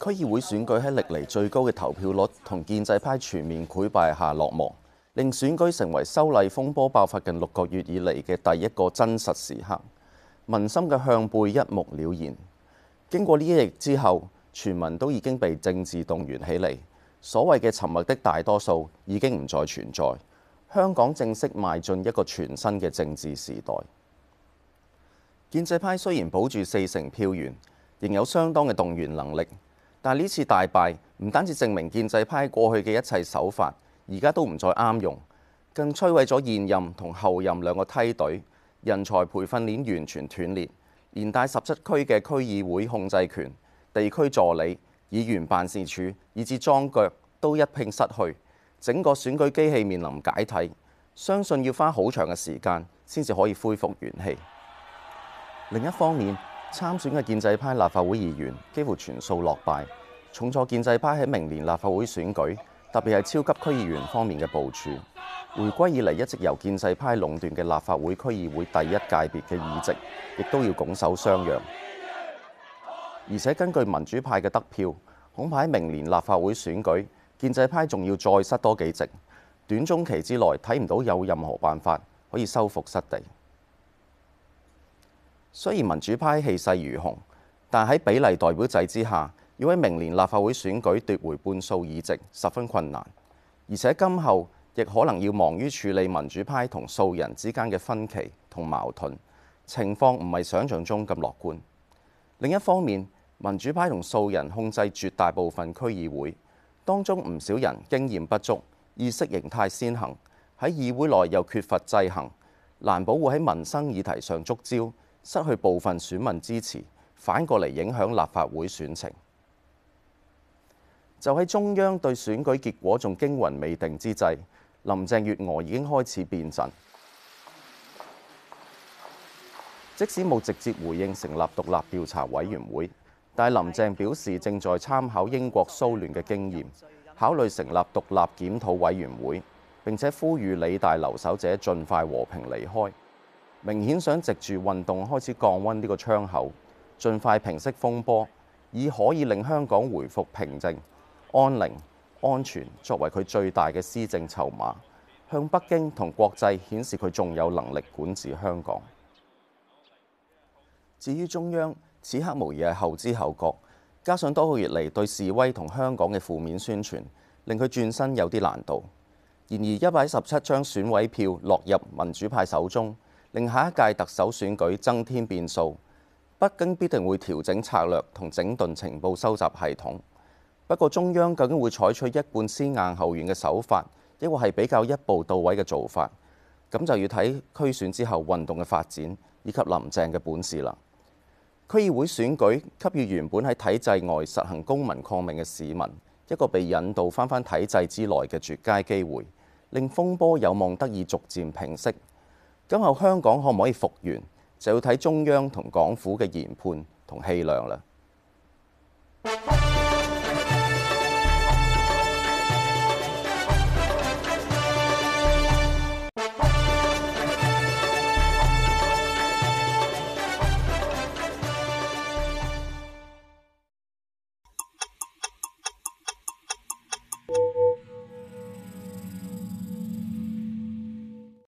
區議會選舉喺歷嚟最高嘅投票率同建制派全面潰敗下落幕，令選舉成為修例風波爆發近六個月以嚟嘅第一個真實時刻，民心嘅向背一目了然。經過呢一役之後，全民都已經被政治動員起嚟，所謂嘅沉默的大多數已經唔再存在，香港正式邁進一個全新嘅政治時代。建制派雖然保住四成票源。仍有相當嘅動員能力，但呢次大敗唔單止證明建制派過去嘅一切手法，而家都唔再啱用，更摧毀咗現任同後任兩個梯隊人才培訓鏈完全斷裂，連帶十七區嘅區議會控制權、地區助理、議員辦事處以至樁腳都一併失去，整個選舉機器面臨解體，相信要花好長嘅時間先至可以恢復元氣。另一方面，參選嘅建制派立法會議員幾乎全數落敗，重挫建制派喺明年立法會選舉，特別係超級區議員方面嘅部署。回歸以嚟一直由建制派壟斷嘅立法會區議會第一界別嘅議席，亦都要拱手相讓。而且根據民主派嘅得票，恐怕喺明年立法會選舉，建制派仲要再失多幾席。短中期之內睇唔到有任何辦法可以收復失地。雖然民主派氣勢如虹，但喺比例代表制之下，要喺明年立法會選舉奪回半數議席十分困難，而且今後亦可能要忙於處理民主派同素人之間嘅分歧同矛盾，情況唔係想像中咁樂觀。另一方面，民主派同素人控制絕大部分區議會，當中唔少人經驗不足、意識形態先行，喺議會內又缺乏制衡，難保會喺民生議題上觸礁。失去部分選民支持，反過嚟影響立法會選情。就喺中央對選舉結果仲驚魂未定之際，林鄭月娥已經開始變陣。即使冇直接回應成立獨立調查委員會，但林鄭表示正在參考英國、蘇聯嘅經驗，考慮成立獨立檢討委員會，並且呼籲理大留守者盡快和平離開。明顯想藉住運動開始降溫呢個窗口，盡快平息風波，以可以令香港回復平靜、安寧、安全，作為佢最大嘅施政籌碼，向北京同國際顯示佢仲有能力管治香港。 至於中央，此刻無疑係後知後覺，加上多個月嚟對示威同香港嘅負面宣傳，令佢轉身有啲難度。然而，一百一十七張選委票落入民主派手中。令下一屆特首選舉增添變數，北京必定會調整策略同整頓情報收集系統。不過，中央究竟會採取一貫先硬後軟嘅手法，抑或係比較一步到位嘅做法？咁就要睇區選之後運動嘅發展以及林鄭嘅本事啦。區議會選舉給予原本喺體制外實行公民抗命嘅市民一個被引導翻返體制之內嘅絕佳機會，令風波有望得以逐漸平息。今後香港可唔可以復原，就要睇中央同港府嘅研判同氣量啦。